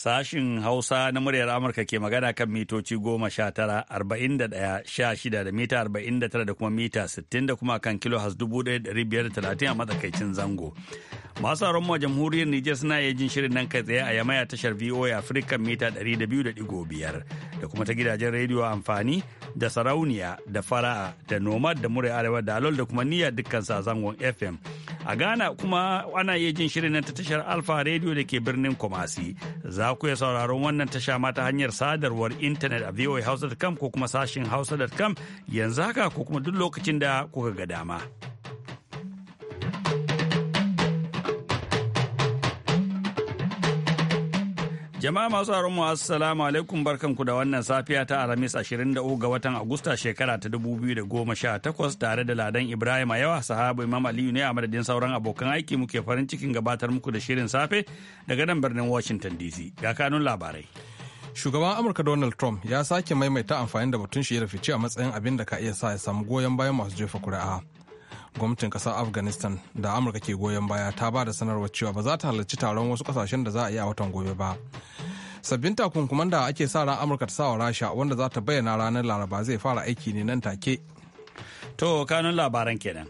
Sashin Hausa na muryar Amurka ke magana kan mitoci goma sha tara arba'in da ɗaya sha shida da mita arba'in da tara da kuma mita sittin da kuma kan kilo has dubu ɗaya da biyar da talatin a matsakaicin zango. Masu aron mu jamhuriyar Nijar suna iya jin shirin nan kai tsaye a yamaya tashar VOA Africa mita ɗari da biyu da ɗigo biyar da kuma ta gidajen rediyo amfani da sarauniya da fara'a da nomad da muryar arewa da alol da kuma niyya dukkan sa zangon FM. A Ghana kuma ana iya jin shirin nan ta tashar Alfa Radio da ke birnin Kumasi. Za ku iya sauraron wannan tasha ma ta hanyar sadarwar intanet a voahausa.com ko kuma sashin hausa.com yanzu haka ko kuma duk lokacin da kuka ga dama. Jama'a masu haron mu assalamu alaikum barkanku da wannan safiya ta Alhamis 23 ga watan Agusta shekara ta 2018 tare da Ladan Ibrahim yawa sahabu Imam Aliyu ne a madadin sauran abokan aiki muke farin cikin gabatar muku da shirin safe daga nan birnin Washington DC. Ga kanun labarai. Shugaban Amurka Donald Trump ya sake maimaita amfani da batun shi ya fice a matsayin abin da ka iya sa ya samu goyon bayan masu jefa kuri'a. gwamnatin kasar afghanistan da amurka ke goyon baya ta ba da sanarwar cewa ba za ta halarci taron wasu kasashen da za a yi a watan gobe ba sabbin takunkuman da ake sa ran amurka ta sawa rasha wanda za ta bayyana ranar laraba zai fara aiki ne nan take to kanun labaran kenan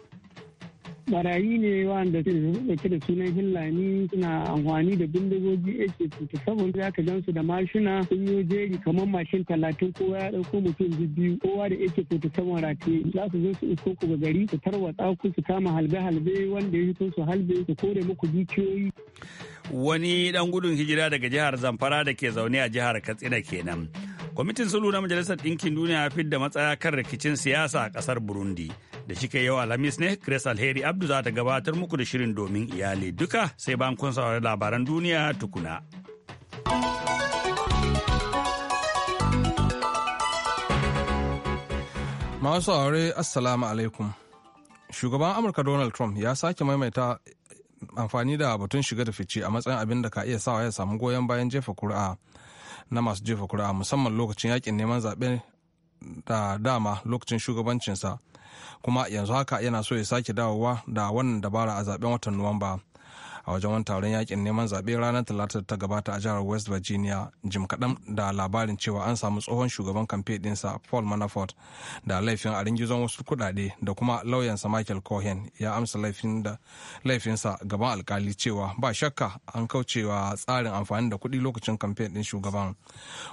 barayi ne wanda ke dauke da sunan hillani suna amfani da bindigogi ak-47 za ka gansu da mashina sun yi jeri kamar mashin talatin kowa ya dauko mutum biyu kowa da ak-47 rataye za su zo su isko ku ga gari su tarwatsa ku su kama halbe-halbe wanda ya fito su halbe su kore muku dukiyoyi. wani dan gudun hijira daga jihar zamfara da ke zaune a jihar katsina kenan kwamitin sulhu na majalisar ɗinkin duniya ya fidda matsaya kan rikicin siyasa a ƙasar burundi da shi yau alhamis ne grace alheri abdu za ta gabatar muku da shirin domin iyali duka sai ba kun saurari labaran duniya tukuna masu aure assalamu alaikum shugaban amurka donald trump ya sake maimaita amfani da batun shiga da fice a matsayin abin da ka iya sawa ya samu goyon bayan jefa kuri'a na masu jefa kuri'a musamman lokacin yakin neman zaɓe da dama lokacin shugabancinsa kuma yanzu haka yana so ya sake dawowa da wannan dabara a zaɓen watan nuwamba a wajen wani taron yakin neman zaɓe ranar talata ta gabata a jihar west virginia jim kaɗan da labarin cewa an samu tsohon shugaban kamfe ɗinsa paul manafort da laifin a ringizon wasu kuɗaɗe da kuma lauyansa michael cohen ya amsa laifinsa gaban alkali cewa ba shakka an kaucewa tsarin amfani da kuɗi lokacin kamfe ɗin shugaban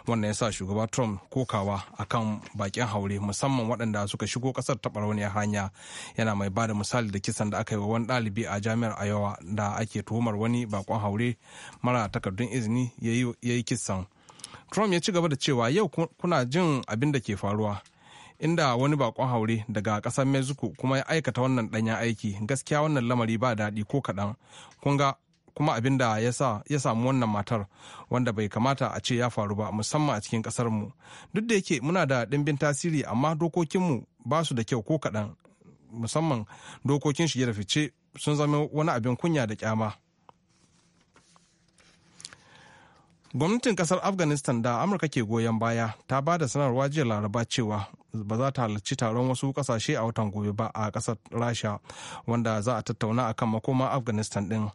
wannan ya sa shugaba trump kokawa akan bakin haure musamman waɗanda suka shigo ƙasar ta ɓarauniyar hanya yana mai ba da misali da kisan da aka yi wa wani ɗalibi a jami'ar iowa da ake tuhumar wani bakon haure mara takardun izini ya yi kisan trump ya ci gaba da cewa yau kuna jin abin da ke faruwa inda wani bakon haure daga kasar mexico kuma ya aikata wannan danyen aiki gaskiya wannan lamari ba daɗi ko kaɗan kuma abin da ya samu wannan matar wanda bai kamata a ce ya faru ba musamman a cikin mu duk da yake muna da ɗimbin tasiri amma dokokinmu ba su da kyau ko kaɗan musamman dokokin shige da fice sun zama wani abin kunya da kyama. gwamnatin kasar afghanistan da amurka ke goyon baya ta ba da sanarwa jiya laraba cewa ba za ta halarci taron wasu kasashe a watan gobe ba a kasar rasha wanda za a tattauna a kan makoma afghanistan din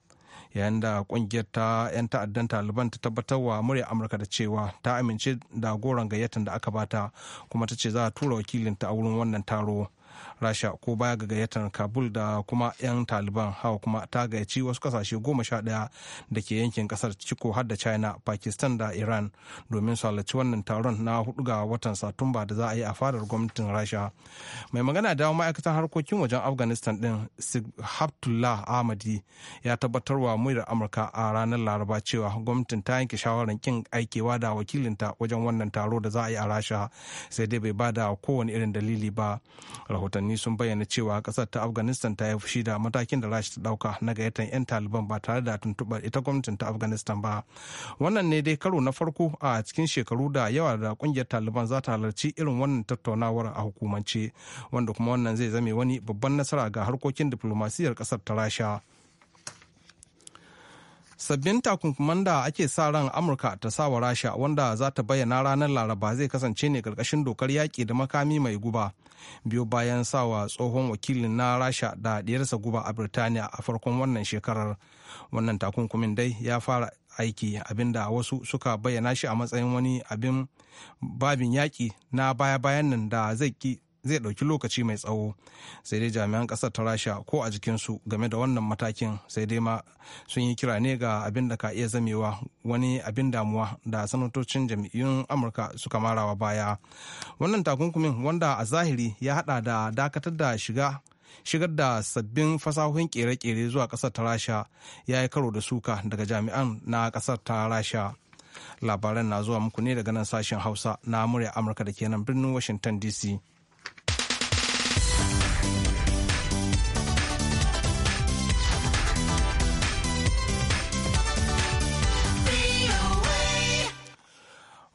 yayin da kungiyar ta 'yan ta'addan taliban ta tabbatar wa murya amurka da cewa ta amince da goron gayyatan da aka bata kuma ta ce za a tura wakilinta a wurin wannan taro rasha ko baya ga gayyatar kabul da kuma 'yan taliban hawa kuma ta gayyaci wasu kasashe goma sha ɗaya da ke yankin kasar ciko har da china pakistan da iran domin su halarci wannan taron na hudu ga watan satumba da za a yi a fadar gwamnatin rasha mai magana da ma'aikatan harkokin wajen afghanistan din habtullah ahmadi ya tabbatar tabbatarwa muryar amurka a ranar laraba cewa gwamnatin ta yanke shawarar kin aikewa da wakilinta wajen wannan taro da za a yi a rasha sai dai bai ba da kowane irin dalili ba rahotanni rahotanni sun bayyana cewa kasar ta afghanistan ta yi fushi da matakin da rashi ta dauka na gayyatar 'yan taliban ba tare da tuntuɓar ita gwamnatin ta afghanistan ba wannan ne dai karo na farko a cikin shekaru da yawa da kungiyar taliban za ta halarci irin wannan tattaunawar a hukumance wanda kuma wannan zai zame wani babban nasara ga harkokin diflomasiyyar kasar ta rasha sabbin takunkuman da ake sa ran amurka ta sa wa rasha wanda za ta bayyana ranar laraba zai kasance ne karkashin dokar yaƙi da makami mai guba biyu bayan sawa tsohon wakilin na rasha da ɗiyarsa guba a birtaniya a farkon wannan shekarar wannan takunkumin dai ya fara aiki abinda wasu suka bayyana shi a matsayin wani abin babin yaƙi na baya-bayan nan da zai ki zai ɗauki lokaci mai tsawo sai dai jami'an ƙasar ta rasha ko a jikinsu game da wannan matakin sai dai ma sun yi kira ne ga abin da ka iya zamewa wani abin damuwa da sanatocin jam'iyyun amurka suka marawa baya wannan takunkumin wanda a zahiri ya hada da dakatar da shiga shigar da sabbin fasahohin kere-kere zuwa ƙasar ta rasha ya yi karo da suka daga jami'an na ƙasar ta rasha labaran na zuwa muku ne daga nan sashen hausa na murya amurka da kenan birnin washington dc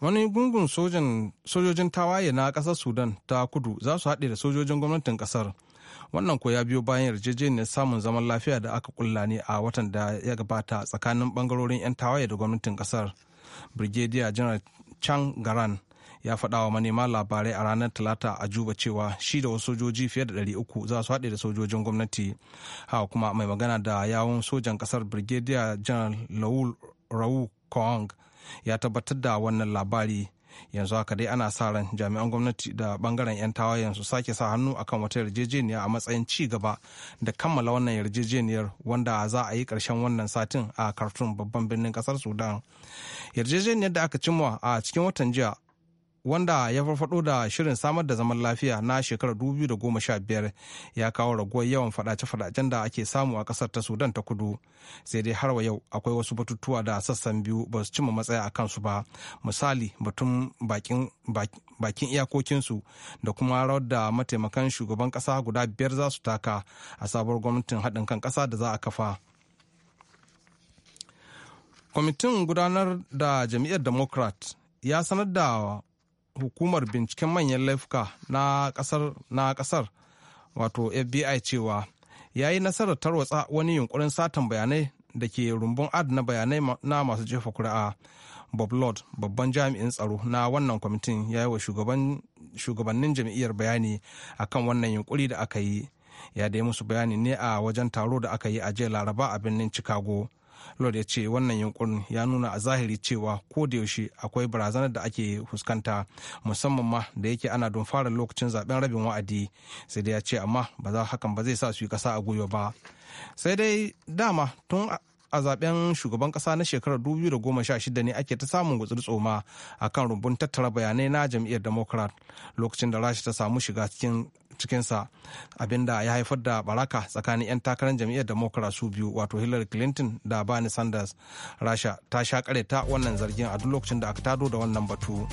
wani gungun sojojin tawaye na kasar sudan ta kudu za su haɗe da sojojin gwamnatin kasar wannan ko ya biyo bayan yarjejeniyar samun zaman lafiya da aka kulla ne a watan da ya gabata tsakanin bangarorin 'yan tawaye da gwamnatin kasar brigadier general chang garan ya faɗa wa manema labarai a ranar talata a juba cewa shi da wasu sojoji fiye da 300 za su haɗe da sojojin gwamnati haka kuma mai magana da yawun sojan ƙasar brigadier general laul raul kong ya tabbatar da wannan labari yanzu haka dai ana sa ran jami'an gwamnati da bangaren 'yan tawayen su sake sa hannu akan wata yarjejeniya a matsayin ci gaba da kammala wannan yarjejeniyar wanda za a yi karshen wannan satin a khartoum babban birnin kasar sudan yarjejeniyar da aka cimma a cikin watan jiya wanda ya farfado da shirin samar da zaman lafiya na shekarar 2015 ya kawo raguwar yawan fadace-fadacen da ake samu a kasar ta sudan ta kudu sai dai har wa yau akwai wasu batutuwa da sassan biyu ba su cimma matsaya a kansu ba misali batun bakin iyakokinsu da kuma rawar da mataimakan shugaban kasa guda biyar za su taka a sabuwar gwamnatin haɗin kan ƙasa da za a kafa kwamitin gudanar da jam'iyyar democrat ya sanar da hukumar binciken manyan laifuka na kasar na kasar wato fbi cewa ya yi nasarar tarwatsa wani yunkurin satan bayanai da ke rumbun ad bayanai na masu jefa kuri'a bob lord babban jami'in tsaro na wannan kwamitin ya yi wa shugabannin jam'iyyar bayani akan wannan yunkuri da aka yi ya dai musu bayani ne a wajen taro da aka yi a jiya laraba a birnin chicago lord ya ce wannan yunkurin ya nuna a zahiri cewa ko da yaushe akwai barazanar da ake fuskanta musamman ma da yake ana don fara lokacin zaben rabin wa'adi sai dai ya ce amma ba za hakan ba zai sa su yi kasa a gwiwa ba sai dai dama tun a zaben shugaban kasa na shekarar 2016 ne ake ta samun gutsur tsoma a kan rumbun tattara bayanai na jam'iyyar democrat lokacin da rasha ta samu shiga cikin cikinsa abinda ya haifar da baraka tsakanin 'yan takarar jam'iyyar democrat su biyu wato hillary clinton da bernie sanders rasha ta sha ta wannan zargin a duk lokacin da aka tado da wannan batu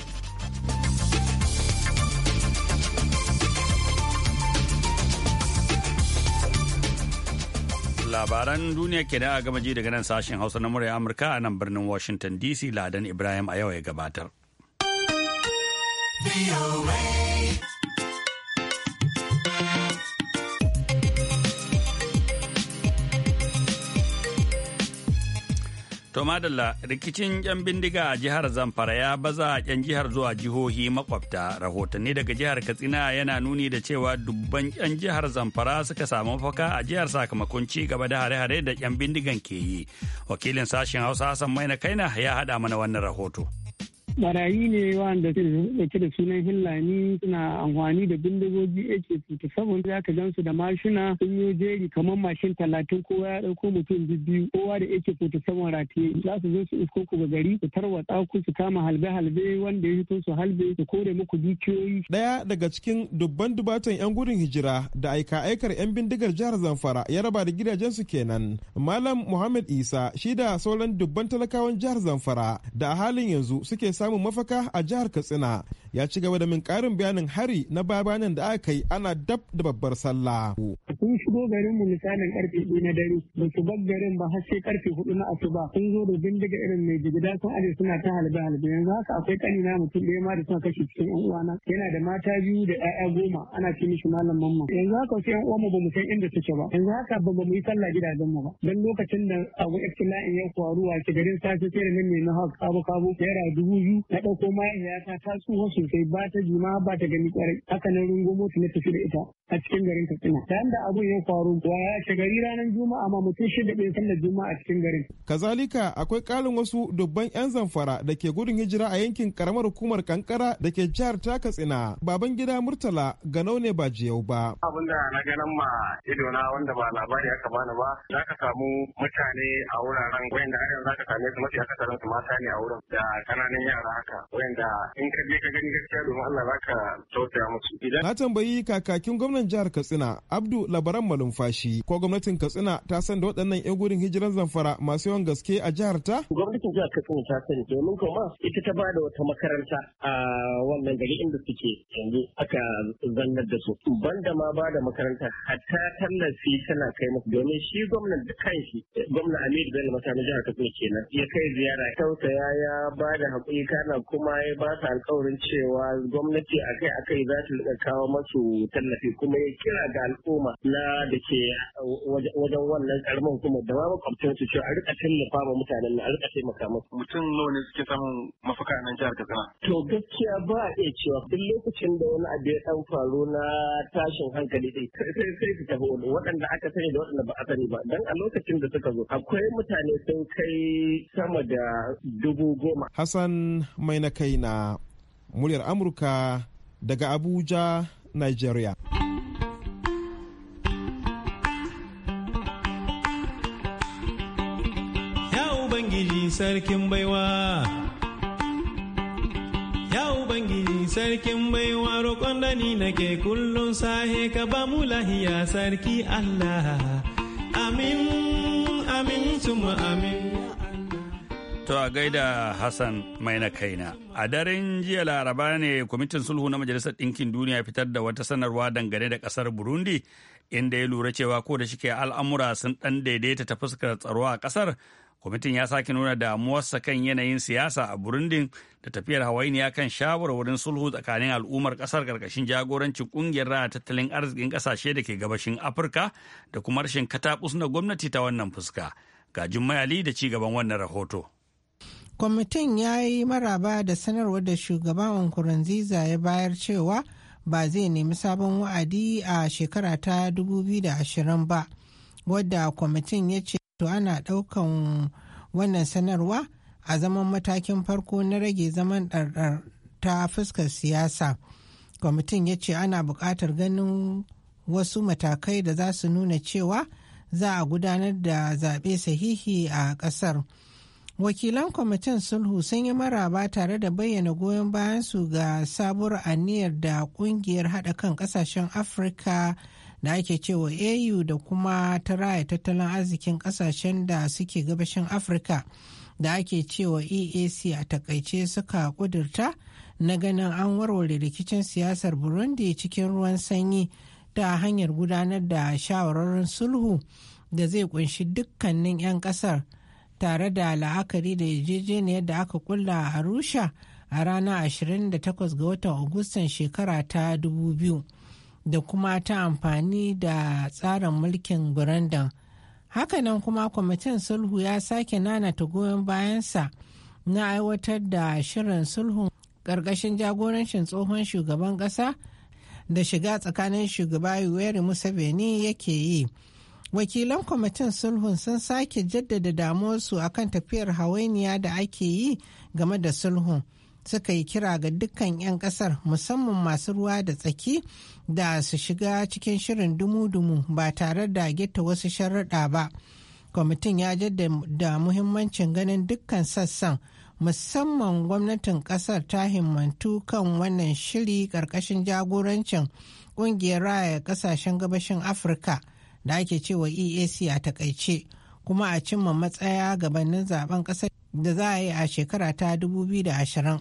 labaran duniya ke da gama ji daga nan sashen hausa na murya amurka a nan birnin washington dc ladan ibrahim a yau ya gabatar. To madalla rikicin 'yan bindiga a jihar Zamfara ya baza 'yan jihar zuwa jihohi makwabta rahotanni daga jihar Katsina yana nuni da cewa dubban 'yan jihar Zamfara suka samu mafaka a jihar sakamakon ci gaba da hare-hare da 'yan bindigan ke yi. Wakilin sashen Hausa Hassan Maina Kaina ya haɗa mana wannan rahoto. barayi ne wanda ke da sunan hillani suna amfani da bindigogi ak-47 za ka gansu da mashina sun yi jeri kamar mashin talatin kowa ya ɗauko mutum biyu kowa da ak-47 ratiye za su zo su isko ku ga gari su tarwatsa ku su kama halbe-halbe wanda ya fito su halbe su kore muku dukiyoyi. ɗaya daga cikin dubban dubatan 'yan gudun hijira da aika-aikar 'yan bindigar jihar zamfara ya raba da gidajensu kenan malam muhammad isa shi da sauran dubban talakawan jihar zamfara da a halin yanzu suke sa samun mafaka a jihar katsina ya ci gaba da min karin bayanin hari na babanan da aka yi ana dab da babbar sallah sun shigo garin mu misalin karfe biyu na dare ba su bar garin ba har sai karfe hudu na asuba sun zo da bindiga irin mai jigida sun aje suna ta halbe halbe yanzu haka akwai kanina mutum ɗaya ma da suna kashe cikin yan uwana yana da mata biyu da ƴaƴa goma ana ce mishi malam mamman yanzu haka wasu yan uwanmu ba mu san inda suke ba yanzu haka ba mu yi sallah gidajen mu ba dan lokacin da abu iftila'in ya faru a garin safe sai da nan ne na haka kabo kabo naira dubu biyu na ɗauko ya ta tsuho sosai ba ta jima ba ta gani kwarai haka nan rungumo mota na tafi da ita a cikin garin katsina da abun ya faru wa ya ce gari ranar juma'a ma mutum shida bai sallar juma'a a cikin garin kazalika akwai kalin wasu dubban yan zamfara da ke gudun hijira a yankin karamar hukumar kankara da ke jihar ta katsina baban gida murtala ganau ne ba jiyau ba abin da na ganin ma ido na wanda ba labari aka bani ba za ka samu mutane a wuraren wayanda har yanzu za ka same su mafi akasarin su mata ne a wurin da kananan yara haka wayanda in ka je ka gani gaskiya domin Allah za ka tausaya musu na tambayi kakakin gwamnan jihar katsina abdu labaran malumfashi ko gwamnatin katsina ta san da waɗannan 'yan gudun hijiran zamfara masu yawan gaske a jihar ta gwamnatin jihar katsina ta sani domin kuma ita ta bada wata makaranta a wannan gari inda suke yanzu aka zannar da su banda ma ba da makaranta hatta tallafi tana kai musu domin shi gwamnan da kanshi gwamnan amir bello mata na jihar katsina kenan ya kai ziyara tausaya ya ba da haƙuri kana kuma ya ba su alƙawarin cewa gwamnati akai-akai za ta kawo masu tallafi kuma ya kira ga al'umma na da ke wajen wannan karamin kuma da ma makwabcin su ce a rika tallafa ma mutanen a rika taimaka musu. Mutum nawa ne suke samun mafaka nan jihar Katsina? To gaskiya ba a iya cewa duk lokacin da wani abu ya dan faru na tashin hankali dai sai sai su tafi wani waɗanda aka sani da waɗanda ba a sani ba dan a lokacin da suka zo akwai mutane sun kai sama da dubu goma. Hassan mai na kai na muryar Amurka daga Abuja, Nigeria. sarkin baiwa ya ubangiji sarkin baiwa roƙon da ni nake kullum sahe ka ba mu lahiya sarki allah amin amin tuma amin To a gaida Hassan mai na kaina. A daren jiya laraba ne kwamitin sulhu na Majalisar Ɗinkin Duniya fitar da wata sanarwa dangane da ƙasar Burundi inda ya lura cewa ko da shike al'amura sun ɗan daidaita ta fuskar tsaro a ƙasar kwamitin ya sake nuna damuwarsa kan yanayin siyasa a burundin da tafiyar hawainiya kan shawarwarin sulhu tsakanin al'ummar kasar karkashin jagorancin kungiyar raya tattalin arzikin kasashe da ke gabashin afirka da kuma rashin katakus na gwamnati ta wannan fuska ga mayali da ci gaban wannan rahoto kwamitin ya yi maraba da sanarwar da shugaban nkurunziza ya bayar cewa ba zai nemi sabon wa'adi a shekara ta 2020 ba wadda kwamitin ya ce to ana ɗaukan wannan sanarwa a zaman matakin farko na rage zaman ɗarɗar ta fuskar siyasa kwamitin ya ce ana buƙatar ganin wasu matakai da za su nuna cewa za a gudanar da zaɓe sahihi a ƙasar wakilan kwamitin sulhu sun yi maraba tare da bayyana goyon bayansu ga sabuwar aniyar da ƙungiyar haɗa kan ƙasashen afirka da ake cewa au da kuma ta raya tattalin arzikin kasashen da suke gabashin afirka da ake cewa eac a takaice suka kudurta na ganin an warware rikicin siyasar burundi cikin ruwan sanyi ta hanyar gudanar da shawararren sulhu da zai kunshi dukkanin 'yan kasar tare da la'akari da yarjejeniyar da aka kulla a rusha a ranar 28 ga watan agustan shekara ta 2000 da kuma ta amfani da tsarin mulkin Burandan. Hakanan kuma kwamitin sulhu ya sake nanata goyon bayansa na aiwatar da shirin sulhu ƙarƙashin jagorancin tsohon shugaban ƙasa da shiga tsakanin shugaba Yoweri Museveni yake yi. Wakilan kwamitin sulhu sun sake jaddada damuwarsu akan tafiyar hawainiya da ake yi game da sulhu. suka yi kira ga dukkan 'yan kasar musamman masu ruwa da tsaki da su shiga cikin shirin dumu-dumu ba tare da gita wasu sharaɗa ba kwamitin ya jaddada muhimmancin ganin dukkan sassan musamman gwamnatin kasar ta himmantu kan wannan shiri ƙarƙashin jagorancin ƙungiyar raya ƙasashen gabashin afirka da ake cewa eac a takaice kuma a cimma matsaya gabanin zaben ƙasar da za a yi a shekara ta 2020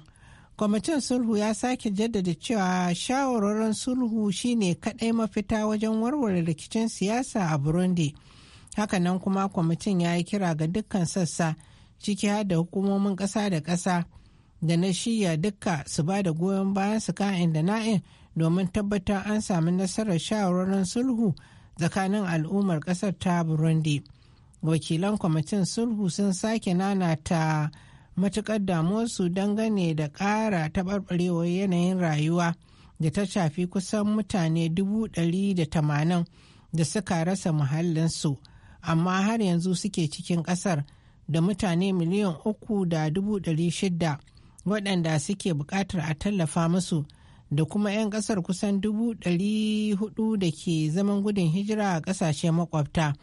kwamitin sulhu ya sake jaddada cewa shawarwarin sulhu shine kadai mafita wajen warware rikicin siyasa a burundi hakanan kuma kwamitin ya yi kira ga dukkan sassa ciki har da hukumomin kasa da kasa da na shiya dukka su ba da goyon bayan su ka'in da na'in domin tabbatar an sami nasarar shawarwarin sulhu tsakanin al'ummar kasar ta burundi wakilan kwamitin sulhu sun sake nanata matuƙar damuwarsu dangane da ƙara taɓarɓarewar yanayin rayuwa da ta shafi kusan mutane dubu da tamanin da suka rasa muhallinsu amma har yanzu suke cikin ƙasar da mutane miliyan uku da waɗanda suke buƙatar a tallafa musu da kuma 'yan ƙasar kusan dubu da ke zaman gudun hijira a ƙasashe makwabta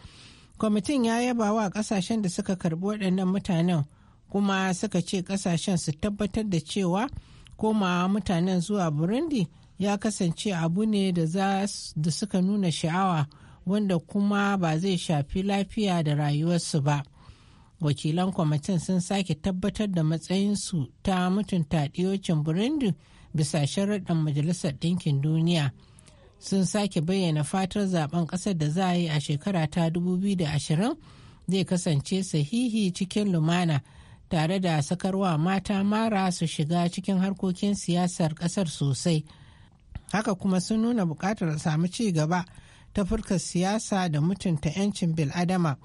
kwamitin ya yaba wa ƙasashen da suka karbi waɗannan mutanen kuma suka ce kasashen su tabbatar da cewa komawa mutanen zuwa burundi ya kasance abu ne da suka nuna sha'awa wanda kuma ba zai shafi lafiya da rayuwarsu ba wakilan kwamitin sun sake tabbatar da matsayinsu ta mutunta ɗiyocin burundi bisa sharaɗin majalisar ɗinkin duniya sun sake bayyana fatar zaben ƙasar da za a yi a shekara ta 2020 zai kasance sahihi cikin lumana tare da sakarwa mata mara su shiga cikin harkokin siyasar kasar sosai haka kuma sun nuna bukatar samu ci gaba ta fuskar siyasa da mutunta 'yancin bil'adama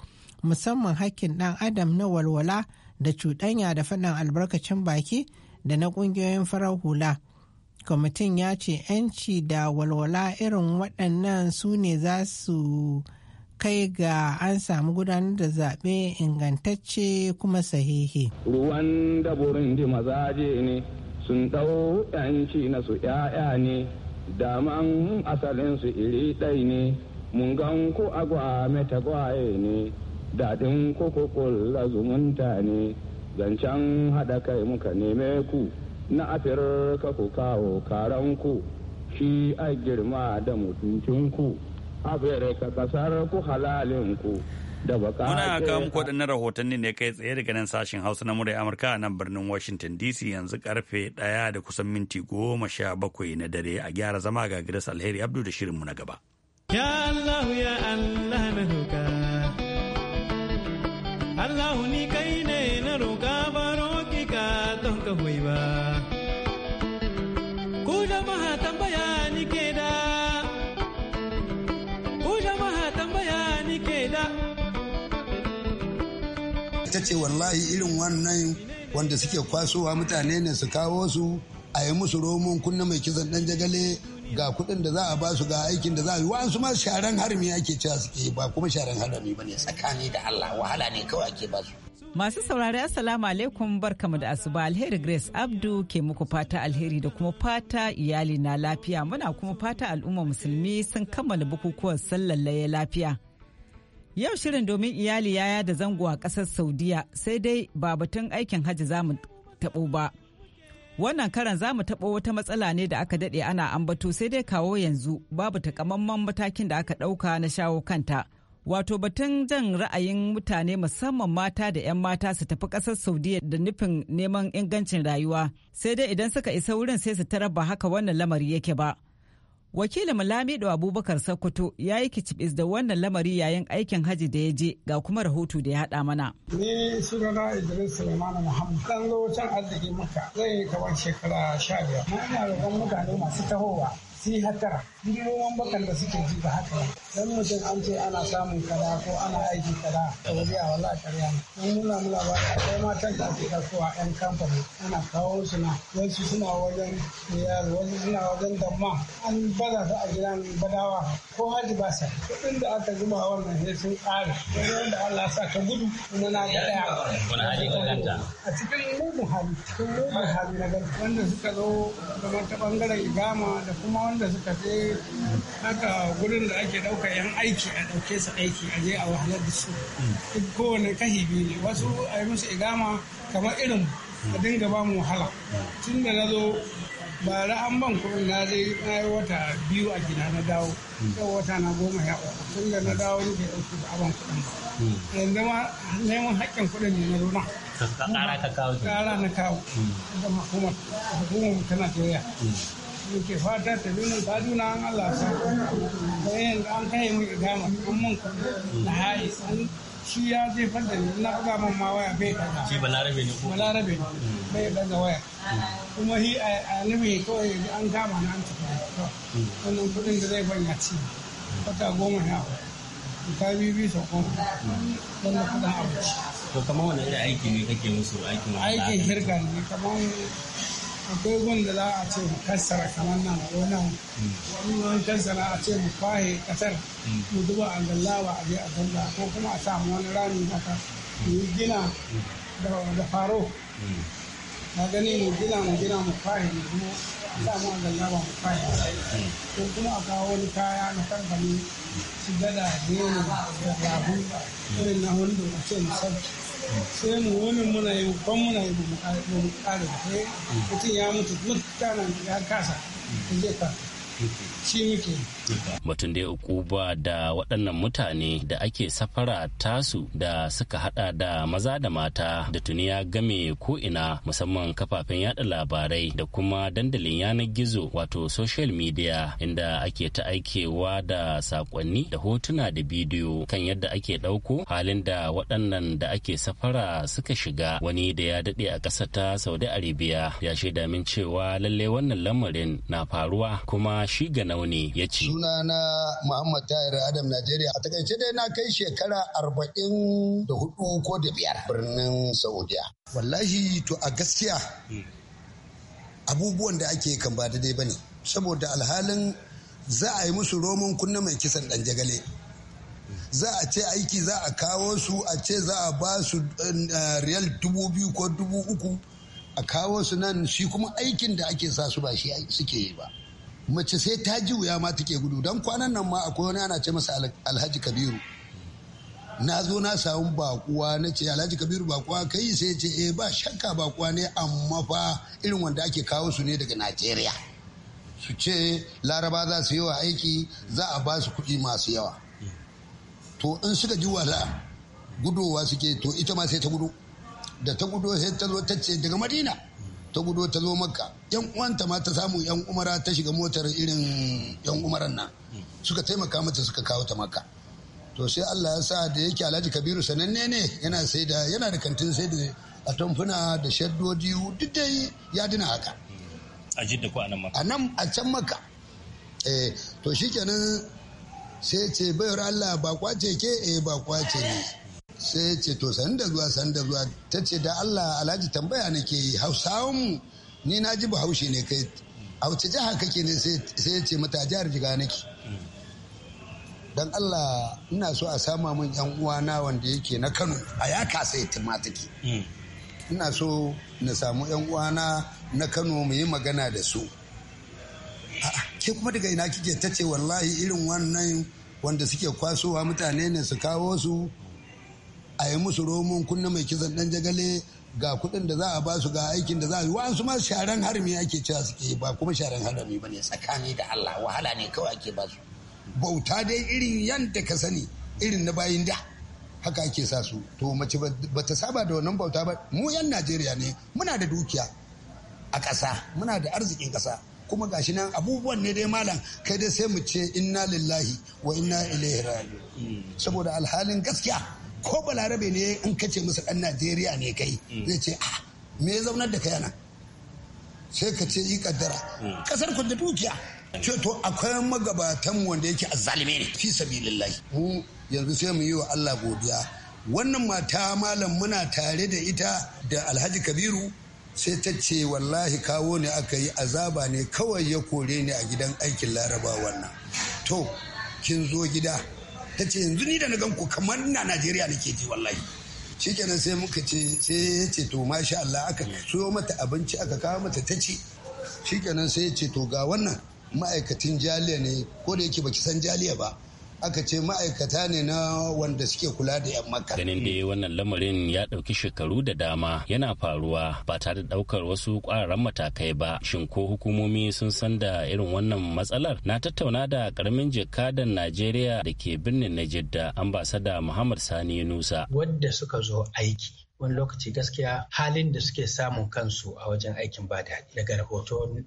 musamman hakkin dan adam na walwala da cuɗanya da faɗin albarkacin baki da na ƙungiyoyin farar hula kwamitin ya ce 'yanci da walwala irin waɗannan su ne za su kai ga an samu gudanar da zaɓe ingantacce kuma sahihi. Ruwan da burin ji mazaje ne sun ɗau ‘yanci na su ‘ya'ya ne, daman asalin su iri ɗai ne, mun gan ku agwa gwaye ne, daɗin ku zumunta ne, zancen haɗa kai muka neme ku, na afirka ku kawo karanku, shi a girma da mutuncinku. ku. Muna kasar ku na da muna ne kai tsaye daga nan sashen hausa na murai amurka a nan birnin washington dc yanzu karfe ɗaya da kusan minti goma sha bakwai na dare a gyara zama ga gidas alheri abdu da shirinmu na gaba ya allah ya allah na roƙa, allah ni kai ne na roƙa baro ki ka don ka ba ce wallahi irin wannan wanda suke kwasowa mutane ne su kawo su a yi musu romon kunna mai kisan dan jagale ga kuɗin da za a ba su ga aikin da za a yi wa su ma sharan harami ake cewa suke ba kuma sharan harami ba ne tsakani da Allah wahala ne kawai ake ba su. Masu saurari Assalamu alaikum barkamu da asuba alheri Grace Abdu ke muku fata alheri da kuma fata iyali na lafiya muna kuma fata al'umma musulmi sun kammala bukukuwan sallar laye lafiya. Yau shirin domin iyali yaya da zango a ƙasar Saudiya sai dai ba batun aikin hajji za mu taɓo ba. Wannan karan za mu taɓo wata matsala ne da aka daɗe ana ambato sai dai kawo yanzu babu takamaiman matakin da aka ɗauka na shawo kanta. Wato batun jan ra'ayin mutane musamman mata da 'yan mata su tafi ƙasar Saudiya da nufin neman ingancin rayuwa. Sai dai idan suka isa wurin sai su tarar ba haka wannan lamari yake ba. wakilin da Abubakar Sokoto ya yi kicibis da wannan lamari yayin aikin Hajji da ya je ga kuma rahoto da ya haɗa mana. Ni sunana Idris Suleiman Muhammad dan lokacin arziki maka zai yi kamar shekara sha biyar. Na ina roƙon mutane masu tahowa sai hatara. ruwan bakan da suke ji ba haka dan mutum an ce ana samun kada ko ana aiki kada a waje a wala karya ne mun nuna mu labari akwai matan da ake kasuwa yan kamfani ana kawo su na wasu suna wajen yaro wasu suna wajen damma an baza su a gidan badawa ko haji ba sa kuɗin da aka zuba wannan sai sun ƙare wani wanda Allah sa ka gudu kuma na ga ɗaya a cikin mugu hali cikin mugu hali na ganta wanda suka zo daga ta ɓangaren igama da kuma wanda suka je haka gurin da ake ɗauka yan aiki a ɗauke su aiki a je a wahalar da su duk kowane kahi biyu ne wasu a yi musu igama kamar irin a dinga ba mu wahala tun da na zo ba an ban kuɗin na je na yi wata biyu a gida na dawo yau wata na goma ya uku tun da na dawo ke ɗauki ba a ban kuɗin ba yanzu ma neman haƙƙin kuɗin ne na zo ka ƙara ka kawo ƙara na kawo da hukumar tana jeriya ke fata ta bi mun kaju na an ala sa bayan an kai mun igama an mun na shi ya zai fadda na buga man waya bai ta shi balarabe ne ko balarabe ne bai daga waya kuma hi a nufi kawai an gama na ta tafi wannan kudin da zai banya ci wata goma ya ka bi bi sau goma don kudin abinci to kamar wani aiki ne kake musu aikin aikin hirga ne kamar akwai gun da za a ce mu kassara kamar nan a wannan wani wani kassara a ce mu kwahe kasar mu duba a gallawa a je a galla ko kuma a samu wani rami haka mu yi gina da faro na gani mu gina mu gina mu kwahe mu kuma a samu a gallawa mu kwahe ko kuma a kawo wani kaya na kamfani su gada ne da rabu irin na hundu a ce mu sauke 所以我们不能有，不能有，我们我们他的，对不对？这些人我们就不干了，干啥？直接打。ci muke mutum da uku ba da waɗannan mutane da ake safara tasu da suka hada da maza da mata da tuni ya game ko'ina musamman kafafen yada labarai da kuma dandalin yanar gizo wato social media inda ake ta aikewa da sakonni da hotuna da bidiyo kan yadda ake ɗauko halin da waɗannan da ake safara suka shiga wani da ya daɗe a ƙasa ta saudi arabia ya shaida min cewa lallai wannan lamarin na faruwa kuma shi ga launi ya ce. na Muhammad Tahir Adam Najeriya a takaice dai na kai shekara arba'in da hudu ko da biyar birnin Saudiya. Wallahi to a gaskiya abubuwan da ake kan ba daidai ba ne saboda alhalin za a yi musu roman kunna mai kisan dan jagale. za a ce aiki za a kawo su a ce za a ba su eh, eh, riyal dubu biyu ko dubu uku a kawo su nan shi kuma aikin da ake sa su ba shi suke yi ba. mace sai ta ji wuya ma take gudu don kwanan nan ma akwai wani ana ce masa alhaji kabiru na zo na samu bakuwa na ce alhaji kabiru bakuwa kai sai ce eh ba shakka bakuwa ne amma fa irin wanda ake kawo su ne daga najeriya su ce laraba za su yi wa aiki za a ba su kuɗi masu yawa to in suka ji wala gudowa suke to ita ma sai ta gudu da ta gudo sai ta zo ta ce daga madina ta gudo ta zo makka yan uwanta ma ta samu yan umara ta shiga motar irin yan umaran nan suka taimaka mata suka kawo ta maka to sai Allah ya sa da yake Alhaji Kabiru sananne ne yana sai da yana da kantin sai da atamfuna da shaddodi duk dai ya dina haka a jidda ko a nan maka a nan a can maka eh to shikenan sai ce bayar Allah ba kwace ke eh ba kwace ne sai ce to san da zuwa san da zuwa ta ce da Allah Alhaji tambaya nake yi Hausawan mu ni na ji bahaushe ne kai a wace jiha kake ne sai ya ce mata jihar jiga nake don allah ina so a sama min yan uwana wanda yake na kano a ya kasa ya ma take hmm. ina so na samu yan uwana na kano mu yi magana da su ke kuma daga ina kike ta ce wallahi irin wannan wanda suke kwasowa mutane ne su kawo su a yi musu romon kunna mai kizan dan jagale ga kuɗin da za a ba su ga aikin da za a yi wa'ansu ma sharan harami ake cewa suke ba kuma sharan harami ba ne tsakani da Allah wahala ne kawai ake ba su bauta dai irin yadda ka sani irin na bayin da haka ake sa su to mace ba ta saba da wannan bauta ba mu yan Najeriya ne muna da dukiya a ƙasa muna da arzikin ƙasa kuma gashi nan abubuwan ne dai malam kai dai sai mu ce inna lillahi wa inna ilaihi raji'un mm. saboda alhalin gaskiya ko balarabe ne in kace masa dan najeriya ne kai mm. zai ce a ah, me ya zaunar da kai sai ka ce yi kaddara mm. kasar ku da dukiya ce to akwai magabatan wanda yake azzalime ne fi sabilillahi mu yanzu sai mu yi wa Allah godiya wannan mata malam muna tare da ita da Alhaji Kabiru sai ta ce wallahi kawo ne aka yi azaba ne kawai ya kore ni a gidan aikin laraba wannan to kin zo gida ta ce yanzu ni da na ganku kamar na najeriya nake ji wallahi shikenan sai muka ce sai ya ce to masha Allah aka suyo mata abinci aka kawo mata ta ci shikenan sai ya ce to ga wannan ma'aikacin jaliya ne ko da yake baki san jaliya ba aka ce ma'aikata ne na wanda suke kula da 'yan maka. Ganin dai wannan lamarin ya ɗauki shekaru da dama yana faruwa ba tare da ɗaukar wasu ƙwararan matakai ba. Shin ko hukumomi sun san da irin wannan matsalar? Na tattauna da ƙaramin jakadan Najeriya da ke birnin Najidda ambasada Muhammad Sani Nusa. Wadda suka zo aiki wani lokaci gaskiya halin da suke samun kansu a wajen aikin ba daɗi daga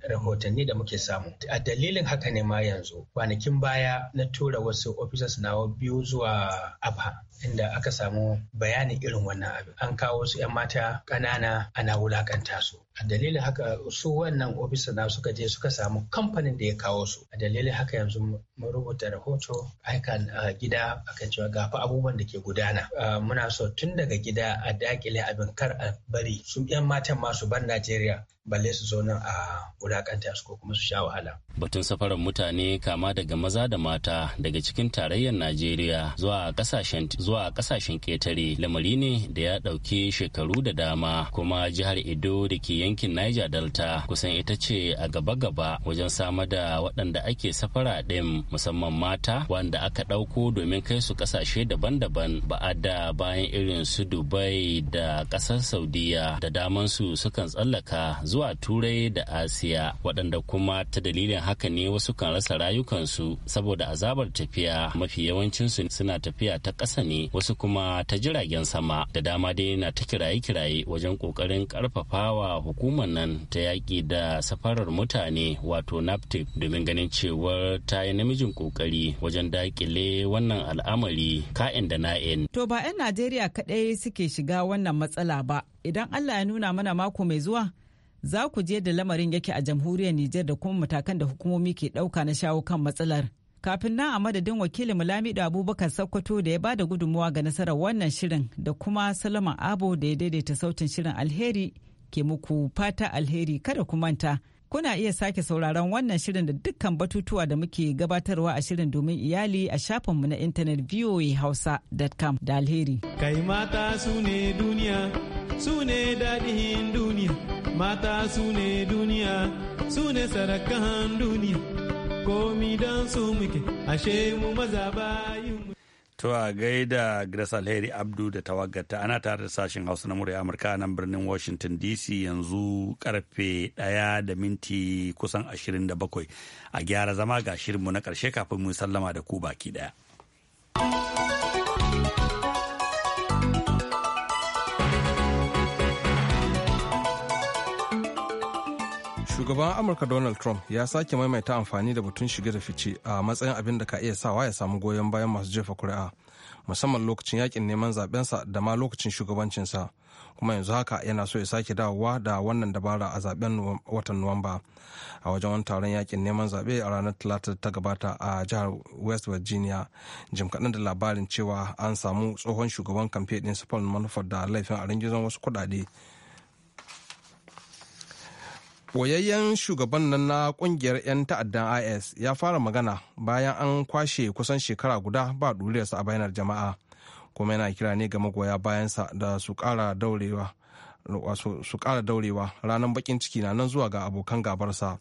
rahotanni da muke samu a dalilin haka ne ma yanzu kwanakin baya na tura wasu officers nawa biyu zuwa abha inda aka samu bayanin irin wannan abin an kawo su 'yan mata ƙanana ana wulakanta su a dalilin haka su wannan ofisa na suka je suka samu kamfanin da ya kawo su a dalilin haka yanzu mun rubuta rahoto aikan gida akan cewa gafa abubuwan da ke gudana muna so tun daga gida a dakile abin kar a bari su yan matan masu ban najeriya balle su zo nan a wulakanta su ko kuma su sha wahala. Batun safarar mutane kama daga maza da mata daga cikin tarayyar Najeriya zuwa kasashen zuwa ketare lamari ne da ya ɗauki shekaru da dama kuma jihar Edo da ke yankin Niger Delta kusan ita ce a gaba-gaba wajen samar da waɗanda ake safara ɗin musamman mata wanda aka ɗauko domin kai su ƙasashe daban-daban ba a da bayan irin su Dubai da ƙasar Saudiya da damansu sukan tsallaka zuwa zuwa turai da asiya waɗanda kuma ta dalilin haka ne wasu kan rasa rayukansu saboda azabar tafiya mafi yawancinsu suna tafiya ta ƙasa ne wasu kuma ta jiragen sama da dama dai na ta kiraye-kiraye wajen ƙoƙarin ƙarfafawa hukumar nan ta yaƙi da safarar mutane wato naptic domin ganin cewar ta yi namijin ƙoƙari wajen daƙile wannan al'amari ka'in da na'in. To ba 'yan Najeriya kaɗai suke shiga wannan matsala ba idan Allah ya nuna mana mako mai zuwa za ku je da lamarin yake a jamhuriyar Nijar da kuma matakan da hukumomi ke ɗauka na shawo kan matsalar. Kafin nan a madadin wakilin Mulamido Abubakar Sokoto da ya bada gudunmuwa ga nasarar wannan shirin da kuma Salama Abo da ya daidaita sautin shirin alheri ke muku fata alheri kada ku manta. Kuna iya sake sauraron wannan shirin da dukkan batutuwa da muke gabatarwa a shirin domin iyali a shafinmu na intanet voahausa.com da alheri. Kai mata su ne duniya, su ne daɗin mata su ne duniya su ne sarakan duniya komi don su muke ashe mu maza mu To a gaida Grace Alheri Abdu da tawagarta ana tare da sashen Hausa na murya Amurka nan birnin Washington DC yanzu karfe ɗaya da minti kusan 27 a gyara zama ga shirinmu na karshe kafin mu sallama da ku baki ɗaya. shugaban amurka donald trump ya sake maimaita amfani da batun shiga da fice a matsayin abin da ka iya sawa ya samu goyon bayan masu jefa kuri'a musamman lokacin yakin neman zabensa da ma lokacin shugabancinsa kuma yanzu haka yana so ya sake dawowa da wannan dabara a zaben watan nuwamba a wajen wani taron yakin neman zaɓe a ranar talata ta gabata a jihar west virginia jim kaɗan da labarin cewa an samu tsohon shugaban kamfe ɗin paul manufar da laifin a ringizon wasu kuɗaɗe Boyayyen shugaban nan na kungiyar 'yan ta'addan IS ya fara magana bayan an kwashe kusan shekara guda ba ɗuriyarsa a bayanar jama'a, kuma yana kira ne ga magoya bayansa da su kara daurewa. ranar bakin ciki na nan zuwa ga abokan gabarsa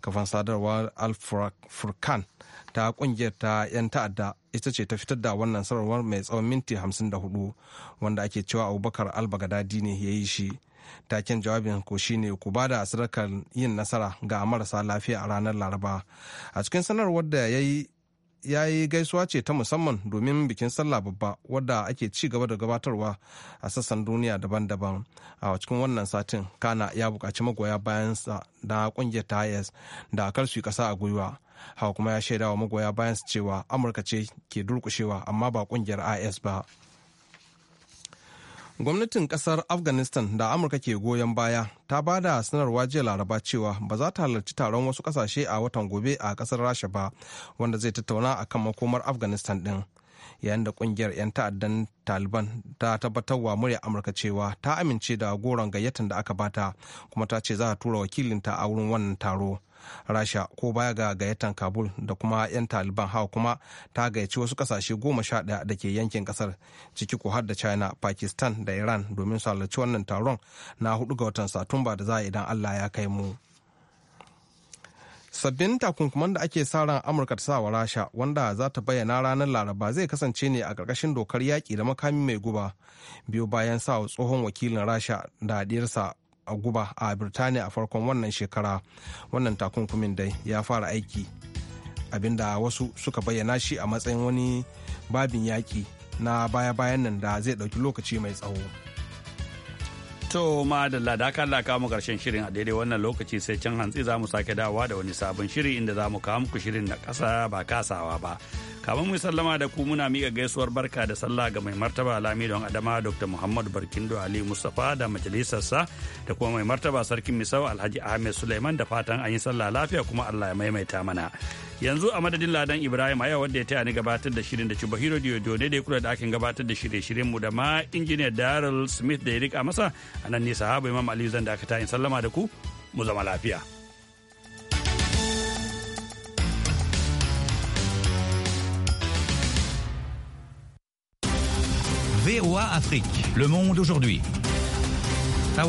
kafan sadarwar al-furkan ta kungiyar ta 'yan ta'adda ita ce ta fitar da wannan sanarwar mai tsawon minti 54 wanda ake cewa abubakar al-bagadadi ne ya yi shi taken jawabin ko shine ku ba da sadakar yin nasara ga marasa lafiya a ranar laraba a cikin sanarwar da ya yi ya yi gaisuwa ce ta musamman domin bikin sallah babba wadda ake ci gaba da gabatarwa a sassan duniya daban-daban a cikin wannan satin kana ya buƙaci magoya bayansa da ƙungiyar ta is da kar su yi ƙasa a gwiwa hawa kuma ya shaida shaidawa magoya bayansa cewa amurka ce ke durƙushewa amma ba ƙungiyar is ba gwamnatin kasar afghanistan da amurka ke goyon baya ta ba da sanarwa jiya laraba cewa ba za ta halarci taron wasu kasashe a watan gobe a kasar rasha ba wanda zai tattauna a kan makomar afghanistan din yayin da kungiyar 'yan ta'addan taliban ta tabbatar wa murya amurka cewa ta amince da goron gayyatan da aka bata kuma ta ce za a tura wakilinta a wurin wannan taro rasha ko baya ga gayyatar kabul da kuma 'yan taliban hawa kuma ta gayyaci wasu kasashe goma sha ɗaya da ke yankin kasar ciki ko har da china pakistan da iran domin su halarci wannan taron na hudu ga watan satumba da za a idan allah ya kai mu sabbin takunkuman da ake sa ran amurka ta sawa rasha wanda za ta bayyana ranar laraba zai kasance ne a ƙarƙashin dokar yaƙi da makami mai guba biyu bayan sa tsohon wakilin rasha da hadiyarsa. a guba a birtaniya a farkon wannan shekara wannan takunkumin dai ya fara aiki abinda wasu suka bayyana shi a matsayin wani babin yaƙi na baya-bayan nan da zai ɗauki lokaci mai tsawo. To ma da ladaka laka mu karshen shirin a daidai wannan lokaci sai can hantsi za mu sake dawa da wani sabon shiri inda za mu kawo muku shirin na kasa ba kasawa ba. kamar mu sallama da ku muna miƙa gaisuwar barka da sallah ga mai martaba alami don adama dr muhammad barkindo ali mustapha da majalisarsa da kuma mai martaba sarkin misau alhaji ahmed suleiman da fatan an yi sallah lafiya kuma allah ya maimaita mana yanzu a madadin ladan ibrahim aya wanda ya taya ni gabatar da shirin da ci bahiro diodo ne da kula da akin gabatar da shirye shirin mu da ma injiniyar daryl smith da ya rika masa a nan ne sahaba imam aliyu zan dakata in sallama da ku mu zama lafiya. BOA Afrique. Le monde aujourd'hui.